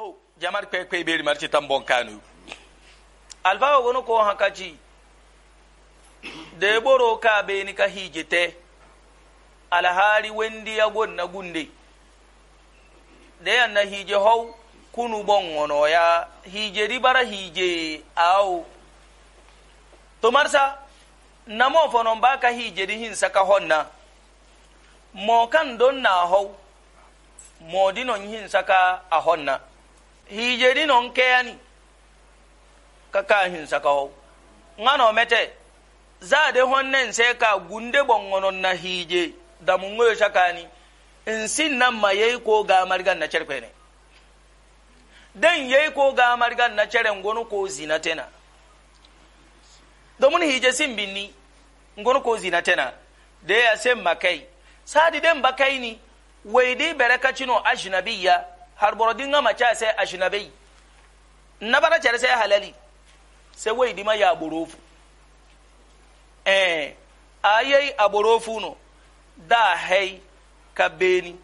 bow jamar kpe kpe ɓeri marti tan bon kanu alfawa gono ko hakaci deɓoro ka ɓeni ka hijete alhaari wendiya gon na gunde deyan na hiije how kunu bon gonoya hijeri bara hiije aw tomarsa namo fonon ba ka hijeri hin saka honna mo kan don na how modinon hin saka a honna hijeri non keyani kaka hinsa kaho ngano mete hɔn honnen nse ka gunde bongonon na hije damungoyo shakani nsi na ma yayi ko ga margan na cerkwene den yayi ko ga margan na ceren gonu ko zina tena domin hije sin binni gonu ko zina tena de ya sen makai sadi den bakai ni wai dai barakacino ajnabiyya har boro dinga macha se ajnabi na bara chere se halali se wai dima ya borofu eh ayai aborofu no da hei, kabeni, hei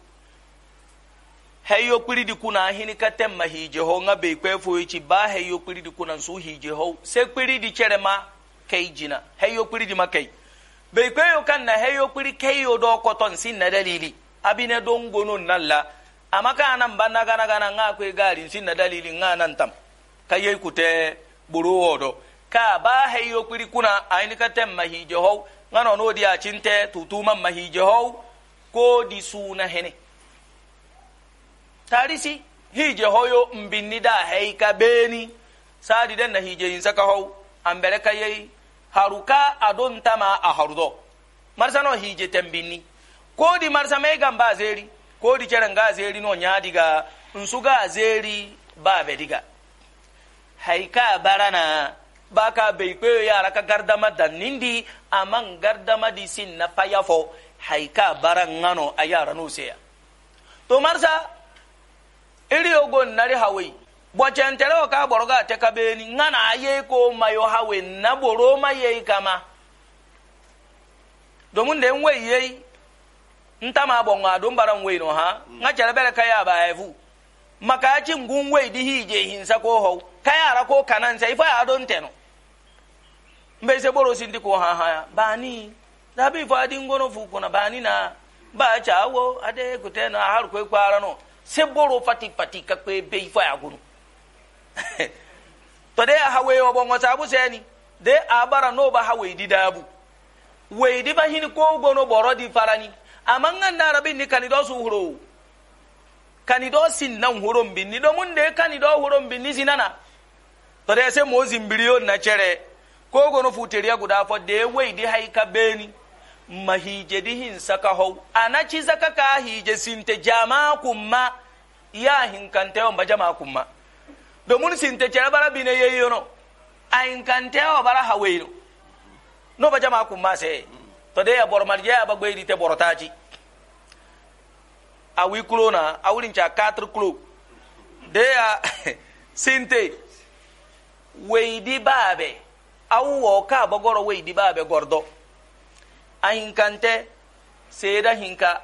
hayo kpiri di kuna hini ka temma hije ho nga be kwe fo ichi ba hayo kpiri di kuna nsu hije ho se kpiri di chere ma kai jina hayo kpiri di ma kai be kwe yo kan na hayo kpiri kai yo do koton sin na dalili abine don gono nan amma ka nan na gana gana nga kwe gari sin na dalili nga nan tam ka yei kute buru wodo ka ba yo kwiri kuna aini ka tem mahije ho nga no no dia cinte tutuma mahije ho ko di suna hene tarisi hije yo mbinni da hei ka beni sadi den na hije insa saka ho ambere ka yei haruka adon tama a harzo marsano hije tembini ko di marsa mai gamba zeri ko di keren ga zeri no nya diga su ga zeri ba be diga haika barana ba ka bai kwe yara ka gardama da nindi amman gardama di sin na fayafo haika baran ngano a yara no seya to marsa iri ogo nari hawai bɔcɛntɛrɛ o ka bɔrɔ ka tɛ ka beeni na a ye ko mayo hawe na ma ye kama domin da n nta ma bon nga dum baran wey no ha mm. nga chere bere kaya ba evu maka ci ngun wey di hije hinsa ko ho kaya ara ko kanan sai fa adon teno mbe se boro sindi ko ha ha bani da bi fa di ngono fu ko na bani na ba cha wo ade ko teno har ko ko ara no se boro fati fati ka ko be fa ya gunu to de hawe wo bon ta bu seni de abara no ba hawe di dabu wey di ba hin ko gono boro di farani da narabi ni kani do suhuro kani do sinnan huron binni do mun de kani do huron binni sinana to de se mo zimbiriyo na chere ko gono futeriya guda fo de wei di haika beni mahije di hin saka ana anaci zaka ka hije sinte jama kumma ya hinkante on bajama kumma domin sinte chere bara bine yeyono a hinkante o bara haweino no bajama kumma se mm -hmm. to de ya boro aba gbeedi te boro taji a wi kulo na a wurin ca 4 kulo de ya sinte weidi baabe awu wo ka bagoro weidi baabe gordo a hinkante hinka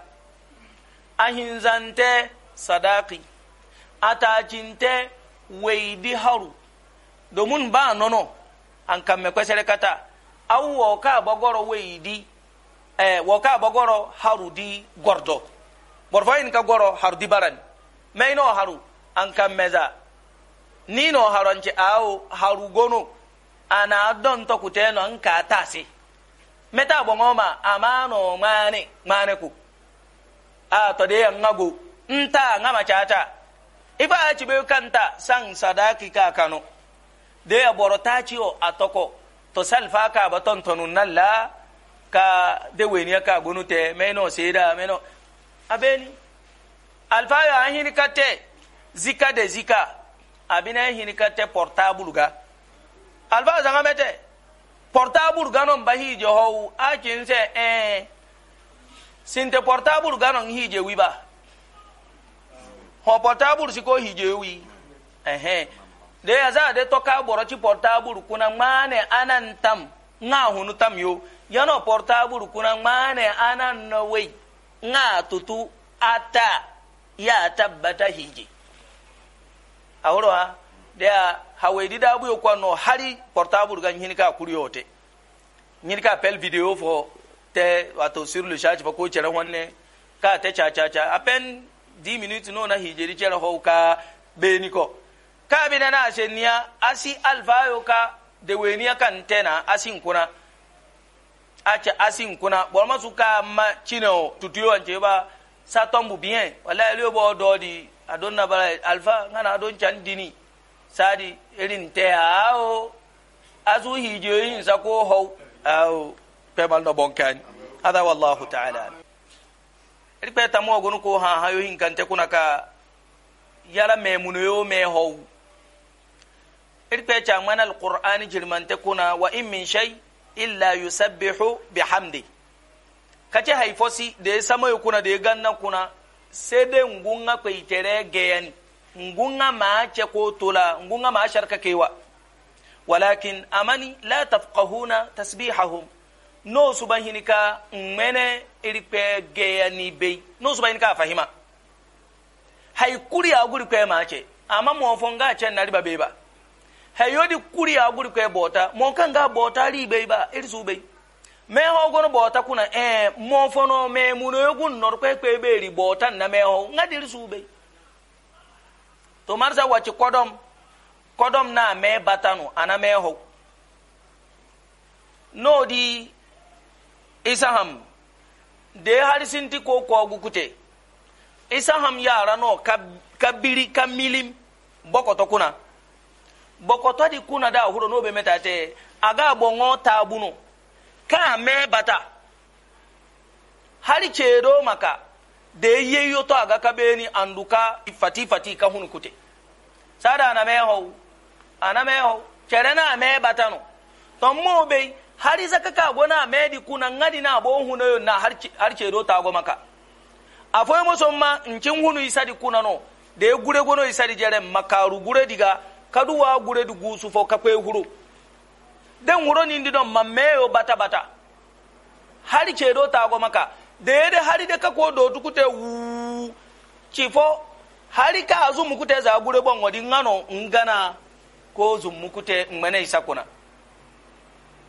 a hinzante sadaki a tacinte weidi haru domin ba nono an kamme kwesere kata awu wo ka bagoro weidi eh, woka ka bagoro haru di gordo borfayin ka goro haru di barani mai no haru an kan meza ni no haru an ce awo haru gono ana don to kuteno an ka tase meta bongoma n'o mane mane ku a to de an ngago nta ngama chata ifa a cibe kanta san sadaki ka kano de ya borota ciwo atoko to salfa ka baton tonun la ka deweniya ka gonu te meno seda meno abeni alfayo y'a hini katte zika de zika abina an hini katte portable ga alfayo zanga mete portable ga non bahi je ho a kinse eh sinte portable ga non hije wiba ho portable si ko hije wi ehe de aza de toka boroti portable kuna mane anan tam nga hunu tam yo yano portable kuna ngmane ana no wei nga tutu ata ya tabbata hiji awro ha de hawaidi da bu ko no hari portable ga nyini ka kuriyote nyini ka pel video fo te wato sur le charge ko chere wonne ka te cha cha cha apen 10 minutes no na hijeri chere ho ka beniko ka bi na na shenia asi alfa yo ka deweniya kan tena asin kuna acha asin kuna borma ka ma chino tutuyo anje ba sa tombu bien wala le bo dodi adon na bala alfa ngana adon chan dini sadi e irin te ao azu hijo yin sa ko ho ao pe mal no bonkan hada wallahu ta'ala ri pe tamo gonu ko ha hayo hin kan te kuna ka yala memuno yo me ho irfe ca mana alqur'ani jirmante kuna wa in min shay illa yusabbihu bihamdi kace haifosi da ya ya kuna da ya ganna kuna sai dai ngunga kwa itere geyani ngunga ma ce ko tola ngunga ma sharka kewa walakin amani la tafqahuna tasbihahum no subahinika mene irikpe geyani bei no subahinika hinika fahima haikuri aguri kwe ma ce amma mofon ga ce nariba beba ba hayodi kuri aguri kwe bota monka nga bota libe ba irisu be me ho gono bota kuna e eh, mo fono me muno yogun nor kwe kwe be ri bota na me ho nga dirisu be to marza wachi kodom kodom na me batanu ana me ho no di isaham de harisinti ko ko gukute isaham yara no kabiri kamilim bokoto kuna bɔkɔtɔ di kuna da huro n'o bɛ mɛ mɛta tɛ a ga bɔngɔ taabunu k'a mɛn bata hali cɛdo maka de ye yotɔ a ka ga ni anduka fati fati ka hunu kute sada ana mɛn hɔ ana mɛn hɔ cɛrɛ n'a mɛn bata nɔ tɔn m'o bɛ yen hali zaka ka bɔ na mɛn di kuna ŋa di na bɔ hunu yo na hali cɛdo ta go maka a fɔ e muso ma nci hunu isa di kuna nɔ de gure gono isa di jɛrɛ makaru gure diga kadu wa gure du gusu fo ka kwe huro den huro ni ndino mameyo bata bata hari che do tago maka de de hari de ka ko do tukute wu chifo hari ka azu mukute za gure bongo di ngano ngana ko zu mukute ngmene isakuna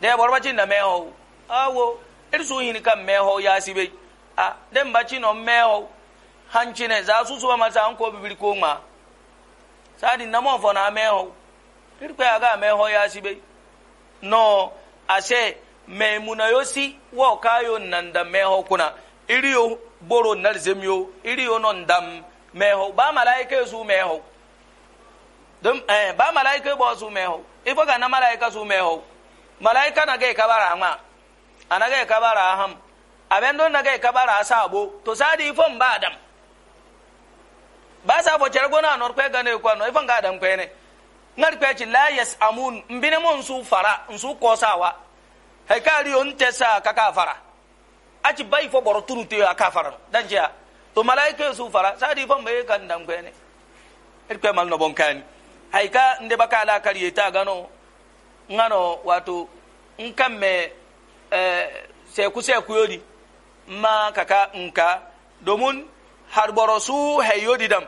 de ba chin na meho awo irsu yin kan meho ya sibe a den ba chino meho hanchine za su ma mata an ko bibiri ko ma sadi namo fona meho irkwe aga meho ya sibe no ase memuna yosi wo kayo nanda meho kuna iriyo boro iri iriyo no ndam meho ba malaika su meho dum eh, ba malaika bɔ su meho ifo ga na malaika su meho malaika na ga kabara ama anaga kabara aham abendo na ga kabara asaabo to sadi ifo adam. basa fo cere gona nor kwe gane kwa no ifan ga dan kwe ne ngar kwe ci la yes amun mbine mon su fara nsu ko sawa hay kari on tesa kaka fara aci bai fo boro tunu te ka fara dan je to malaika su fara sadi fo me kan dan kwe ne ir kwe mal no bon kan hay ka nde baka ala kari ta gano ngano wato nkam me eh se ku se ku yori ma kaka nka domun har borosu heyo didam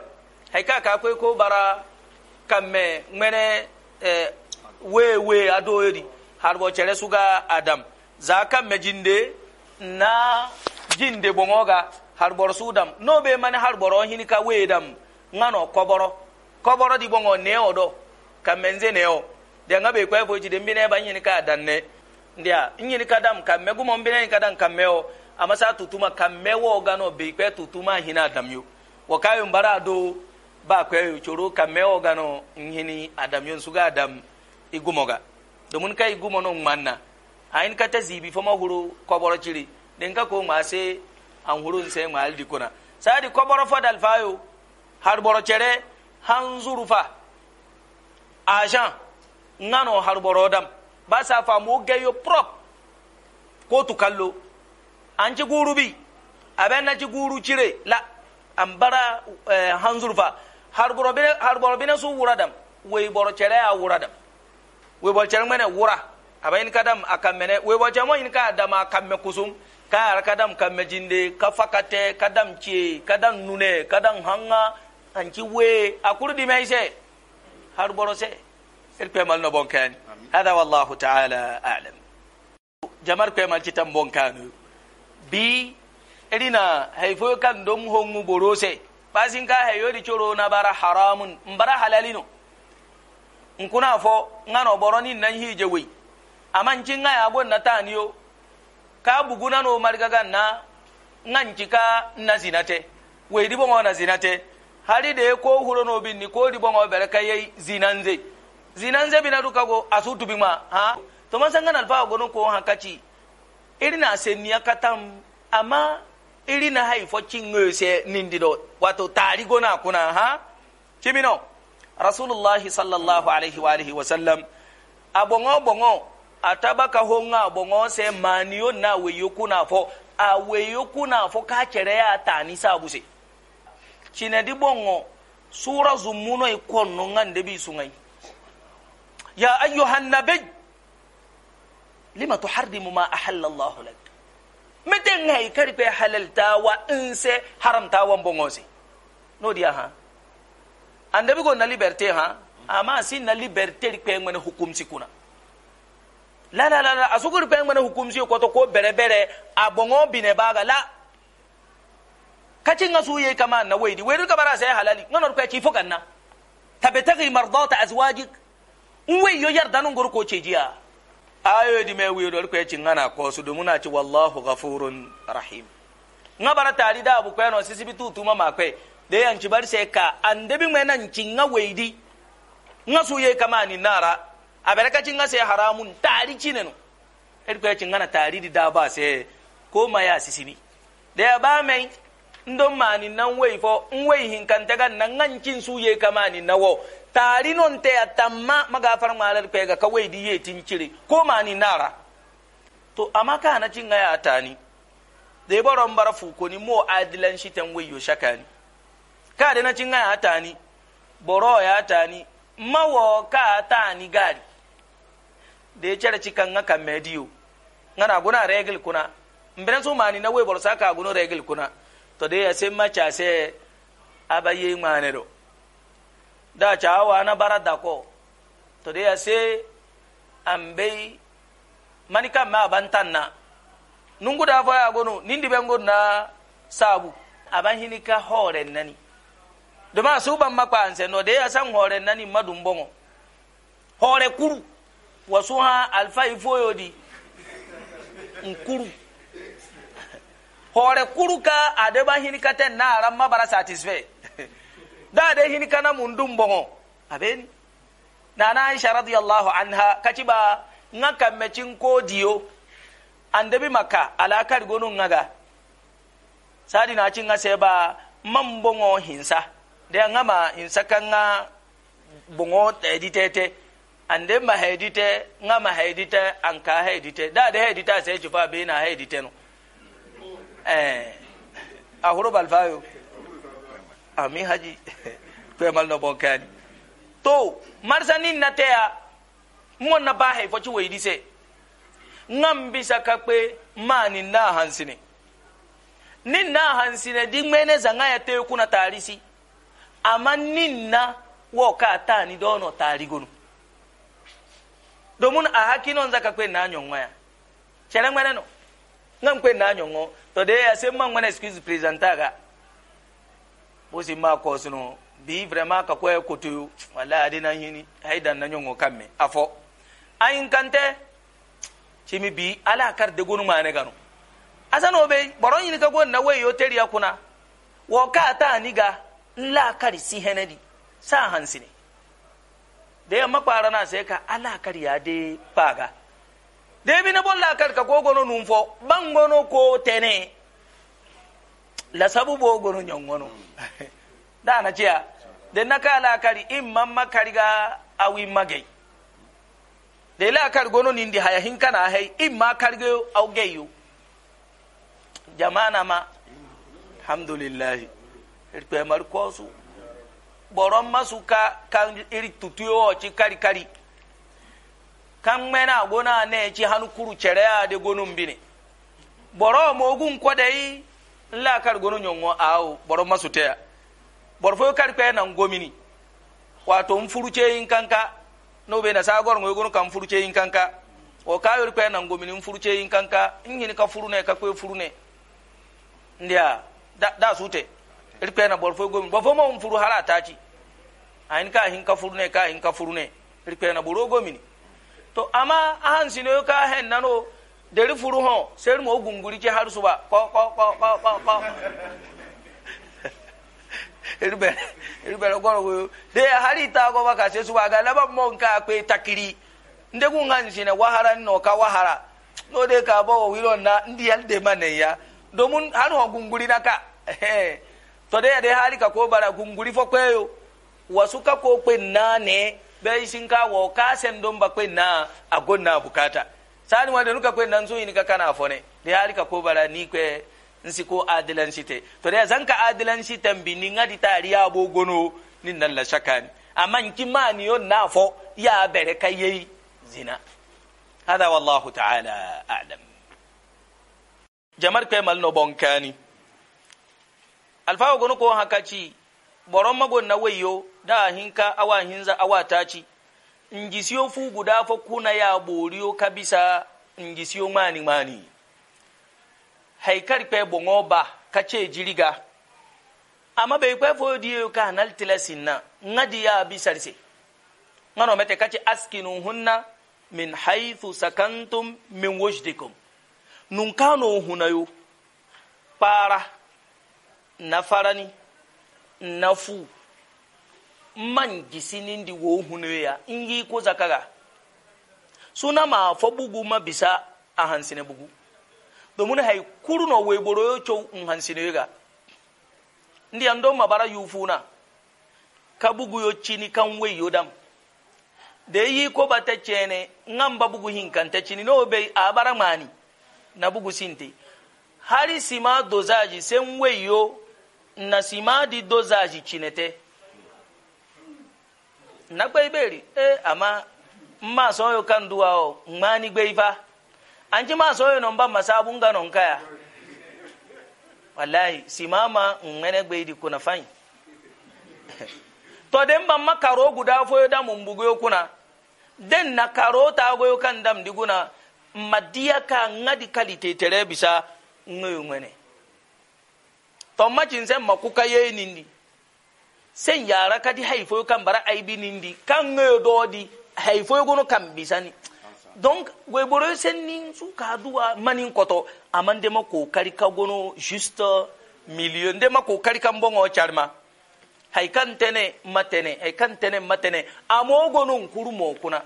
hay ka ka koy ko bara kamme ngmene eh, wewe adoyori har bo cere suga adam za kamme jinde na jinde bongoga har borosu dam no be mane har boro hini ka we dam ngano koboro koboro di bongo ne odo kamme nze ne o de nga be kwa bo jide mbine ba hini ka danne ndia hini ka dam kamme gumo mbine hini ka dam kamme o a masa tutuma kamme gano bi kwe tutuma hina k'a wakayo mbara do ba kwe choro kamme gano nhini adamyo suga adam igumoga domin kai gumono manna ayin kata zibi fama huru koboro chiri den ka ko ngase an huru nse ngal dikona sadi kɔbɔrɔ fɔ fayo har boro chere hanzuru fa agent ngano har boro dam ba sa famu geyo prop ko tu kallo an ci guru bi na ci guru cire la an bara eh, hanzurfa harboro na su wura dam wai boro cere a wura dam wai boro cere mene wura aɓa in dam a mene wai boro cere mo in ka dam a kamme kusum ka yar kadam kamme jinde ka fakate ce ka dam nune dam hanga ci wai a kurɗimey se harboro se irpe mal no bon kani hada wallahu taala alam jamar pemal citan bon kanu bi irina haifo kan dom hongu borose basin ka hayori choro na bara haramun mbara halalino nkuna fo ngano boroni nan hije wei aman cin ga yabo na taniyo ka buguna no margaga na ngan cika na zinate wei ribo ngona zinate hari de ko huro no bin ni ko ribo ngo berka yei zinanze zinanze bina duka go asutu bima ha to masanga na alfa go no ko hakachi iri na se niya katam amma iri na haifo cingoyo se nindido wato go na kuna ha no rasulullahi sallallahu alaihi wa alihi wasallam a bongo ataba a taba ka ho a bongo se maniyo na weyo na fo a weyo kuna fo ka kere ya tani sabuse cinadi bongo sura zumuno ikon nungan bi sungai ya ayyuhan nabiy لما تحرم ما أحل الله لك متين هاي كاريكو يا حلال تا وانسى حرم تا وانبونغوزي نو دي ها عند بيقول نا ليبرتي ها أما سين نا ليبرتي ريكو يمن حكوم سيكونا لا لا لا لا أسوكو ريكو يمن حكوم سيكو كوتو كو بره بره أبونغو بني باغا لا كاتين نسو يي كمان نويدي ويدو كبرا سي حلالي نو نو ريكو يتي فوقنا تبتغي مرضات أزواجك ويو يردانون غرو كو تيجيها ayo di mai wiyo dol ko yacin ana ko su domin ci wallahu ghafurun rahim na bara tari da abu kwano sisi bitu tuma ma kwe de yan ci bar sai ka an bi mai nan cin weidi na su ye kama ni nara a bare ka cin nga sai haramun tari no ed ko yacin ngana tari di da ba sai ko ma ya sisi ni de ba mai ndo mani nan wei fo nwei hin kan daga nan ngancin su ye kamani nawo tari non te atamma maga far malar pega ka wei di ye tin cire ko mani nara to amaka na cin ga ya tani de boro bara fu ko ni mo adilan shi tan wei yo shakani ka de na cin ga ya tani boro ya tani mawo ka tani gari de chara cikan ga kamediyo ngana guna regel kuna mbere so mani na wei boro saka guna regel kuna to de asemma chase abaye ngane do da chawa na barada ko to de ase ambei manika ma bantanna nungu da fo ya gonu nindi be na sabu aban hinika hore nani doma suban makpanse no de asan hore nani madum hore kuru wasu ha alfa ifoyodi nkuru hoore kuruka ade ba hinikaten na aranma bara satisfait da ade hinikana mun dum bogo abeni nana aisha radiallahu anha kaciba nga kammecin kodiyo andebi makka alakarigonu ngaga sadi naci nga seba man bogo hinsa de ngama hinsa kan nga bogo editete ande ma hedite nga ma hedite anka hedite da ade hedite ase cufa be na hedite no ahoro eh, ahuro balfayo ami haji kwemal no bonkani to marsanin na teya mon na bahe fo ci waydi se ngam bisa ka pe mani na hansine nin na hansine di mene zanga ya te kuna tarisi amma nin na wo ka ta ni dono tarigonu domin a hakinon zaka kwen na nyonwa ya chere ngwere no ngam kwen na nyongo to de a se man wana excuse presentaga bosi ma ko suno bi vraiment ka ko ko to wala adina hini haidan nan yongo kamme afo ayin kante chimi bi ala kar de gonu mane gano asano be boron yin ka gon na we yo teri akuna wo ka ta ni ga la kar si henedi sa hansini de kwara na sai ka ala kar ya de paga debine bolla kar ka kogono num fo ɓangono ko tene la sabu bogono ñongono dana ceya den na kala kari immanma kariga awimma gey de la kar gono nindi haya hinkana hey imma kargeyo aw geyo jamanama alhamdulillahi irkpemar kosu ɓoron masu ka kan iri tutuyo oci kari kari kan mena gona ne ci hanu kuru cere ya de gonun bine boro mo gun kodai la kar gonun yongo awo boro masute ya boro fo kar pe nan wato mfuruce in kanka no be na sagor ngo gonun kan furuce in kanka o kayor pe na ngomini mfuruce in kanka in yin ka furu ne ka kwe furu ne ndia da da sute irpe na boro fo gomini boro fo mo mfuru harata ci ayin ka hin ka furu ne ka hin ka furu ne irpe na boro gomini to amma ahan sino ka hen nano deri furu ho ser mo gunguri ke har suba ko ko ko ko ko ko irbe irbe ro goro de hari ta go baka se suba ga laba mo nka pe takiri nde gun han sino wahara no ka wahara no de ka bo wiro na ndi al de mane ya domun har ho gunguri na ka to de de hari ka ko bara gunguri fo kweyo wasu ka ko pe nane bai ka wo ka sen don ba kwen na a agon na bukata sani wanda nuka kwen nan ni nika kana fone da ya rika ko bara ni kwe nsi ko shi te to da zanka tan bi ni ngadi tari ya bo gono ni nan la shakan amma ki ma ni yon na fo ya bere kayi zina hada wallahu ta'ala a'lam jamar kai mal no bonkani alfawo gono ko hakaci boron magon na wayo da ahinka awa hinza awa taci ngisiyo fu guda fa kuna ya boriyo kabisa ngisiyo mani mani haikar pe bongo ba kace jiriga amma bai kwe fo diyo ka hanal tilasin na ngadi ya bisarse ngano mete kace askinu hunna min haithu sakantum min wajdikum nun kano hunayo para na farani nafu man gisinin di wo hunure ya in ko zakara suna ma fo bugu ma bisa a hansine bugu domin hai kuru no we boro yo cho un hansine ga ndi ando mabara yufuna ka bugu yo chini kan we yodam da yi ko ba ta cene nan ba bugu hinkanta cini no bai a bara mani na bugu sinti hari sima dozaji sen we yo na sima di dozaji chinete gbe iberi e ama mma soyo kan duwa o ni gbe ifa anji ma soyo no mba masabu nga no nkaya wallahi ma ngene gbe di kuna fai to den ban makaro guda foyo da mun bugo kuna den na karo ta goyo kan dam diguna madiya ka ngadi kalite tere bisa ngoyo ngene ton machinse makuka ye nindi sen yara kadi haifo haifoyo kan bara aibi nindi kan ŋeyo haifo haifoyo gono kan bisani donc weboroyo sen nin su ka duwa manin koto ama ndema kokari ka gono juste milieu ndema kokari kan boŋo carima hay kan tene ma tene hay kan tene matene tene amo gono nkuru mo kuna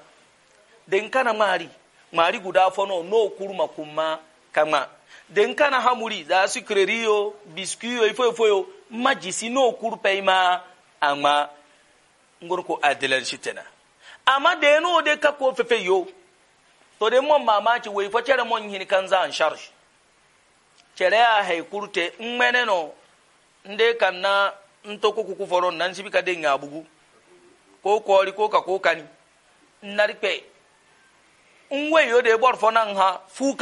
den kana mari mari guda fono no kuruma kuma kama den ha muri za sucrerie yo biscuit yo ifo ifo yo majisi no kurpe ma ama ngoro ko adilan shitena ama da no de ka ko fefe yo to de mon mama wai fa cere mon hin kan kanza an sharsh cere a hay kurte mmene no nde kan na nto ko ku foron nan sibi ka de ngabugu ko kori ko ka ko kani nari pe nwe yo de bor fo nan ha fu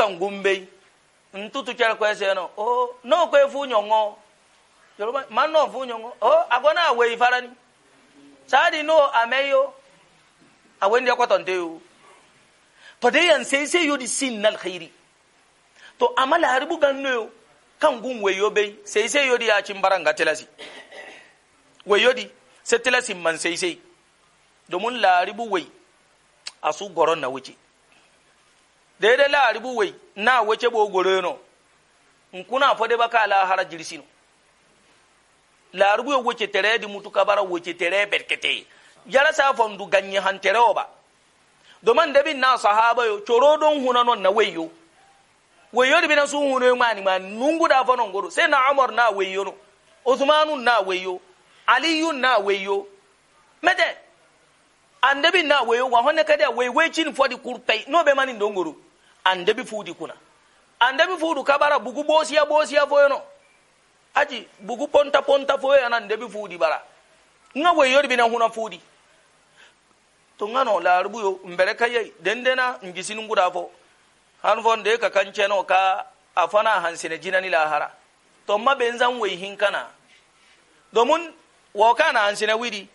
ntutu kyɛrɛ kɔɛ sɛ no o oh, n'o ko efu nyɔngɔ yoruba ma n'o fu nyɔngɔ o oh, a ko n'a wei fara ni saadi n'o amɛ yi o a wei ndiɛ kɔtɔ nte yi o tɔde yan se yi o di sin na xiri to a ma laharibu gan n'o ye o kan o bɛ yen se yi o di y'a ci n bara nka telasi wei o di se telasi man se se domin laharibu wei a su gɔrɔ na wuce. dede laaribu wai na wece bo in kuna fode baka la hara jirisino laaribu wace tere di mutu bara wace tere berkete yara sa fondu ganye hantere oba da bin na sahaba yo coro don huna non na wayo wayo da bina sun huna mani ma nungu da fa non goro sai na umar na wayo no usmanu na weyo aliyu na wayo mede andebi na wayo wa honne kada weyo wecin fodi kurpei no be mani don goro andebi fuudi kuna bi fudu kabara bugu bosiya bosiya boosiya foyono aji bugu ponta ponta foyo ana bi fuudi bara nga weyori bina huna fuudi to nga no laarubuyo mbere kaye dendena ngisini nguda fo han fonde ka kanceno ka a fana hansine jinani lahara to ma ɓe nzan wey hinkana domin wo kana hansine widi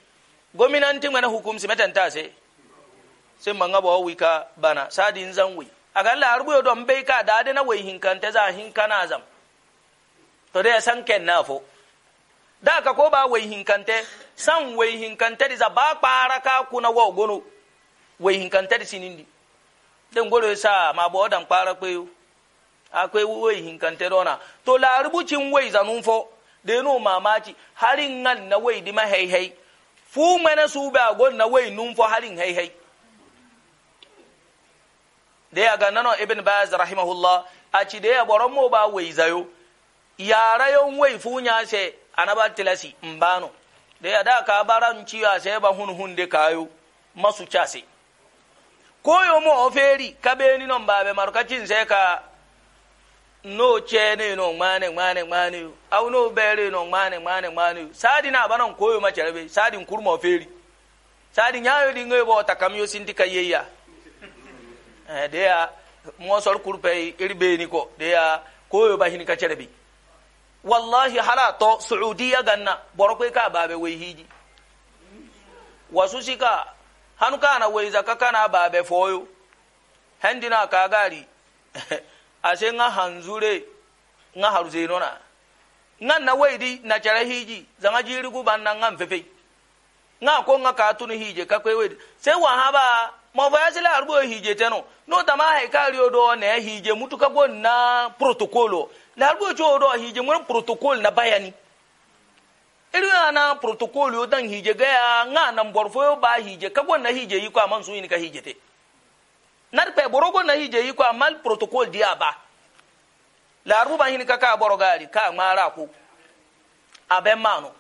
gominanti ŋene hukum simetenta se semma nga ɓo wi ka bana sadi nzan wey a agalla arbuyo don bai ka da na wai hinkanta za hinkana zam to dai san ken na fo da ka ko ba wai hinkante san wai hinkante da ba kpara ka kuna wa gono wai hinkante da sinindi den goro sa ma bo dan kpara kweyo akwai wai hinkante dona to la rubucin wai zanun fo da no mamaci harin nan na wai di mahaihai fu mana su ba gon na wai nunfo fo harin haihai da ya ga nanon ibn baz rahimahullah da ya boron mo ba wai zayo yara rayon wai funya se anaba tilasi mbano ya da ka baran ciya se ba hun hun de kayo masu chase koyo mo oferi ni non babe markacin se ka no ne no mane mane mane au no bere no mane mane mane sadi na banan koyo ma cerebe sadi kurma oferi sadi di ngoy bo yo sindika yeya Eh, de ya mosor kurpe ni ko de ya koyo ba hin cerbi wallahi hala to saudiya ganna boro ka babe wai hiji wasu shika hanu kana wai zaka kana babe foyo hendina ka gari ase nga hanzure nga haruzenona nga na di na cere hiji zanga jirigu banna nga mfefe nga ko nga hiji ka kakwe waidi sai wa ba. ma voyage la arbo hije teno no tama hay kari odo na hije mutu ka na protocolo la arbo cho odo hije mun protocol na bayani iri na protocol yo dan hije ga ya nga na mborfo ba hije ka na hije yi kwa mansu ni ka hije te nar pe borogo na hije yi kwa mal protocol dia ba la arbo ba hin ka ka borogari ka mara ko abe manu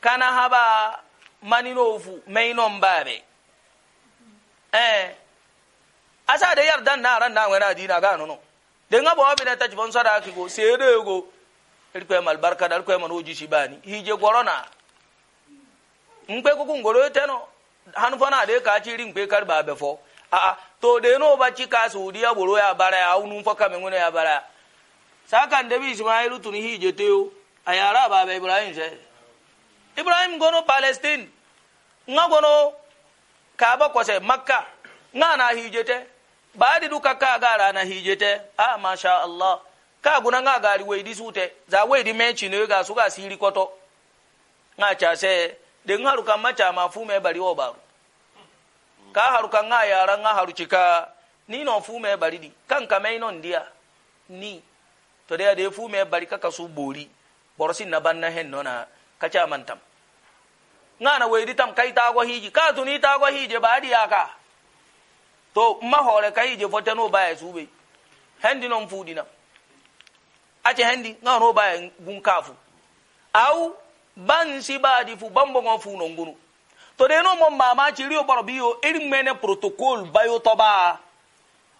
kana haba maninofu meinon babe eh asa da yardan na ran na ngana dina ga nono de nga bo bi na ta jibon sada ki go sere go irkwe mal barka dal kwe manu jishi bani hije gorona nkwe ku ku ngoro teno hanu fana de ka ci rin kwe kar ba be fo a a to de no ba ci ka saudiya boro ya bara ya unu fo kamen ngone ya bara sakan de bi ismailu tun hije teo ayara ba be ibrahim se ibrahim gono palestine nga gono kaba kwase makka nga na hijete di duka ka gara na hijete a ah, masha allah ka guna nga gari weidi sute za di mechi ne ga su ga siri koto nga cha se de nga ruka macha me bari o baru ka haruka nga yara nga harukika ni no me bari di kan kame no ndia ni to de de me bari ka su bori borosin na banna hen ka cha mantam ngana weidi tam kai tago hiji ka tuni tago hije badi yaka to ma hore kai je fotano baya sube hendi non fudina ace hendi ngano baya gun kafu au ban si di fu bambo ngon fu non gunu to de no mo mama chi rio boro biyo iri mene protocol bayo to ba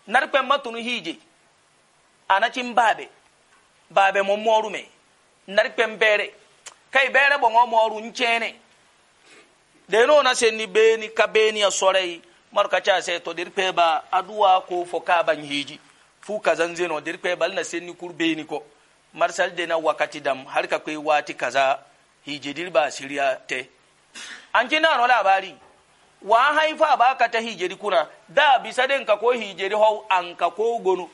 narpe matunu hiji anacin babe babe mo moru me narpe mbere kai bere bo ngo moru nchene nuna sai senni beni ka beniya sorai marka ka ca sai to dir ba aduwa ko fo ban hiji fu ka zanzeno ba lina na ni kur beni ko marsal de na wakati dam har ka kai wati kaza hiji dir ba siriya te an kina no labari wa haifa ba ka ta hijiri kuna da bisa den ka ko hijiri hau an ka ko gono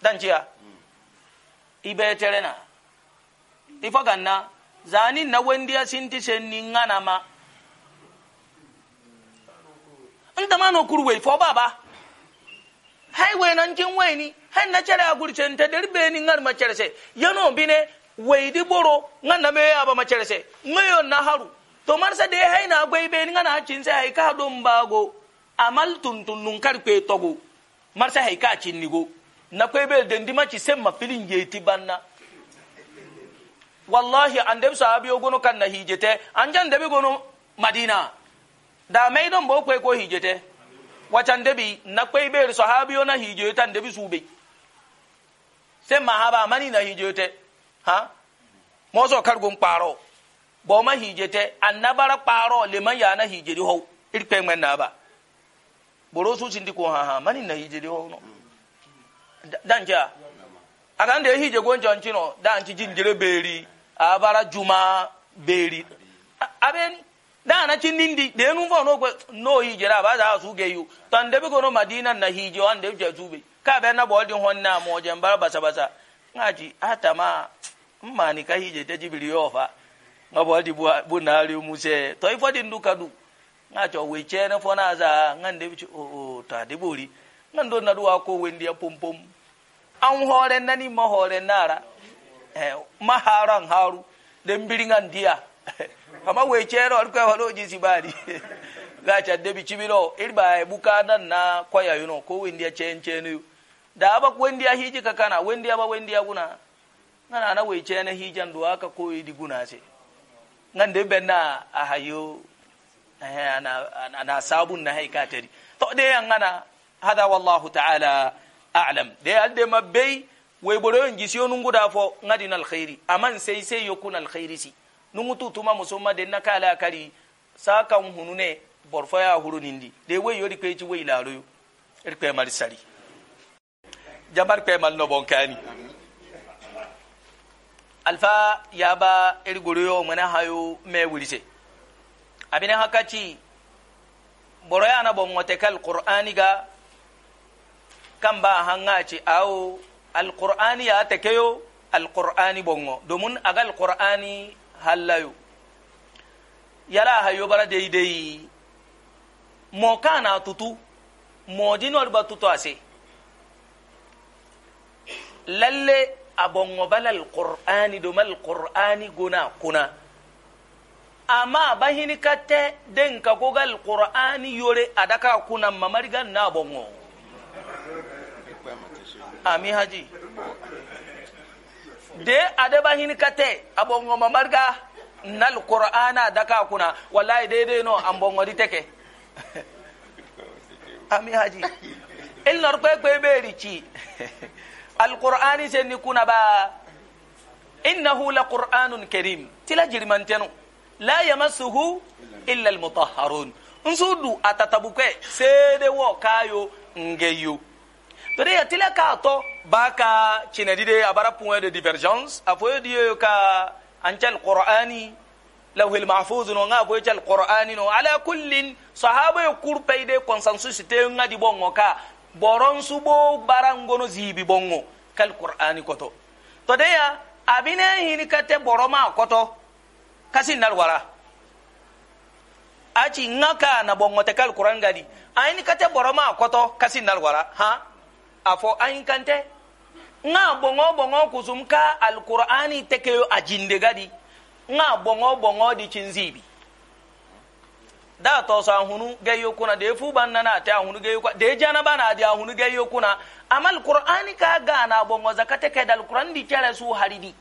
dan ciya ibe na ifa ganna zanin na wendiya sinti ni ngana ma ndama no kurwe fo baba hai we nan kin we ni han na chere agurchen ta derbe ni ngar ma chere se yano bine we di boro ngan na me ya ba ma chere se ngayo na haru to mar sa de hai na gwe be ni ngana chin se hai ka do mbago amal tuntun nun kar kwe togo mar sa hai ka chin ni go na kwe be de ndima chi sem ma filin ye ti banna wallahi an dem sahabi ogono kan na hijete an jan debe gono madina da mai don bo kwe ko hijete wacan debi na kwe be sahabiyo na hijeta su sube sai mahaba mani na hijete ha mozo kargun kparo bo ma hijete annabara kparo le liman ya na hijeri ho irpe ngmen na ba boro su sindi ko ha ha mani na hijeri ho no danja akan da hije gonjon chino danci jinjire beri abara juma beri aben dana cindi ndi denu fo no no hijira ba za su geyu tan de go no madina na hijo an de je tube ka be na bodin na mo je mbara basa basa ngaji hata ma mma ni ka hije te jibili yofa ngabo di bu na ri muse to ifo di nduka du ngacho we che na fo na za ngande bi o o ta de bori ngando na duwa ko wendi ya pom pom an hore nani ma hore nara eh maharan haru de mbiri ngandia fama wechero alikuwa walo jinsi bali gacha debi chibiro ilba ebuka nan na kwaya yuno ko wendia chenchenu da aba wendia hiji kakana wendia ba wendia guna ngana ana wechene hijan duaka ko idi guna se ngande benna ahayo eh ana ana sabun na haika tari to de ngana hada wallahu ta'ala a'lam de alde mabbe we boro ngisiyonungu dafo ngadinal khairi aman sai sai yokuna al khairi si nungutu tuma ma de na ala kari hunu hunune borfa ya huru nindi de we yori pe ci we laro yo er pe mari sari jabar pe mal no kani alfa ba er goro yo mana hayo me wurise abina hakati boro ya na bongote kal qur'ani ga kan ba hanga ci awo alqur'ani ya yo alqur'ani bongo domin aga qur'ani hallayo yala hayo bara deidei mo kana tutu mojinol ba tutu ase lalle abongo balal qur'ani do mal qur'ani guna kuna amma bahini katte den ka gogal qur'ani yore adaka kuna mamarigan na bongo ami haji de adaba hin kate abongo mamarga nal qur'ana daka kuna wallahi dede no ambongo di teke ami haji il nor kwe kwe beri ci al qur'ani sen ni kuna ba innahu la qur'anun karim tila jirmantenu la yamasuhu illa al mutahharun nsudu atatabuke sede wo kayo ngeyo tore ya tila ka to ba ka cinadi de a bara point de divergence a foye diyo ka an cal qur'ani lawhil mahfuz no nga foye cal qur'ani no ala kullin sahaba yo kurpay de consensus te nga di bongo ka boron su bo bara ngono zibi bongo kal qur'ani koto to de ya abine hini kate boroma koto kasi nal wara aci nga ka na bongo te kal qur'an gadi ayini kate boroma koto kasi nal wara ha afo ayin kante nga bongo bongo kusum ka alqur'ani tekeyo ajinde gadi nga bongo bongo di cinzibi da to so ahunu geyo kuna de fu ban na ta ahunu geyo kwa de jana bana di ahunu geyo kuna amal qur'ani ka ga na bongo zakate ke dal qur'an di kere su haridi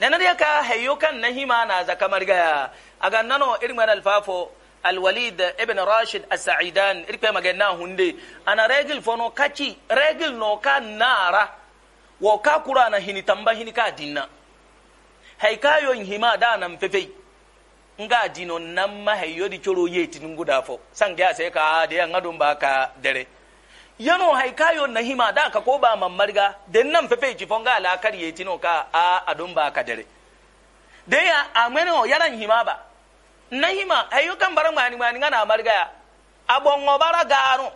nana de ka heyo kan nahima na zakamar ga aga nano irin alfafo alwalid ibn rashid asaidan irpe magana hunde ana regil fono kachi regil no ka nara wo ka kura na hini tamba hini ka dinna hay yo hima da nan fefe nga dino nan ma hayo di choro yeti nungu dafo sange ase ka de ngadum ba ka dere yano hay yo na hima da ka ko ba mamarga den nan fefe ji fonga la kar yeti no ka a adum ba ka dere de ya amene o yaran hima ba nahima ayo kan bara mani mani ngana amarga ya abongo bara garu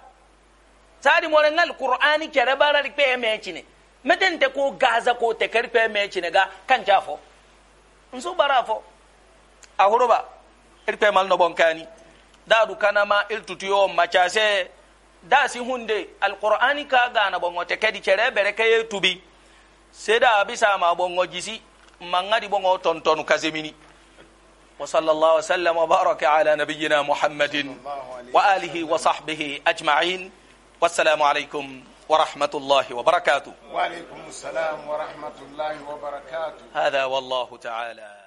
sadi more ngal qur'ani kere bara ri pe mechine meten te ko gaza ko te kere pe mechine ga kan jafo nso bara fo ahuruba ri pe mal no bonkani dadu kanama iltutiyo machase si hunde alqur'ani ka ga gana bongo te kedi kere bere kaye tubi seda abisa ma bongo jisi mangadi bongo tontonu kazemini وصلى الله وسلم وبارك على نبينا محمد وآله وصحبه أجمعين والسلام عليكم ورحمة الله وبركاته وعليكم السلام ورحمة الله وبركاته هذا والله تعالى